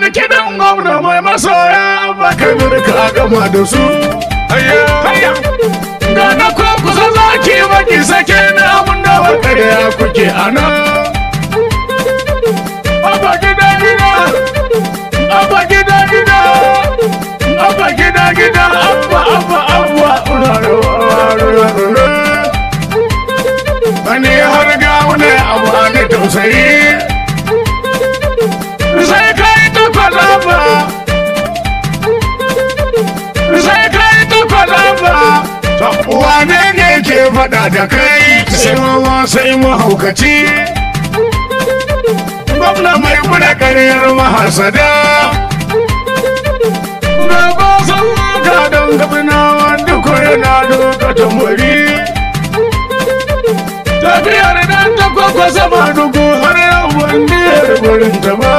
wani kiɗan gwamna mai masoya ba kabir ka gama da su ga na ko kusa zaki baki sake na mun da wakar ya kuke ana abba gida gida abba gida gida abba gida gida abba abba abba Ani har ga wani abu tausayi faɗa da kai sai wawa sai mahaukaci gwamna mai muna ƙaryar mahasada na ba san ka don gabinawa duk na doka tambari tafiyar nan ta kwakwasa sama dugu har yau wanda ya rubarin ta ba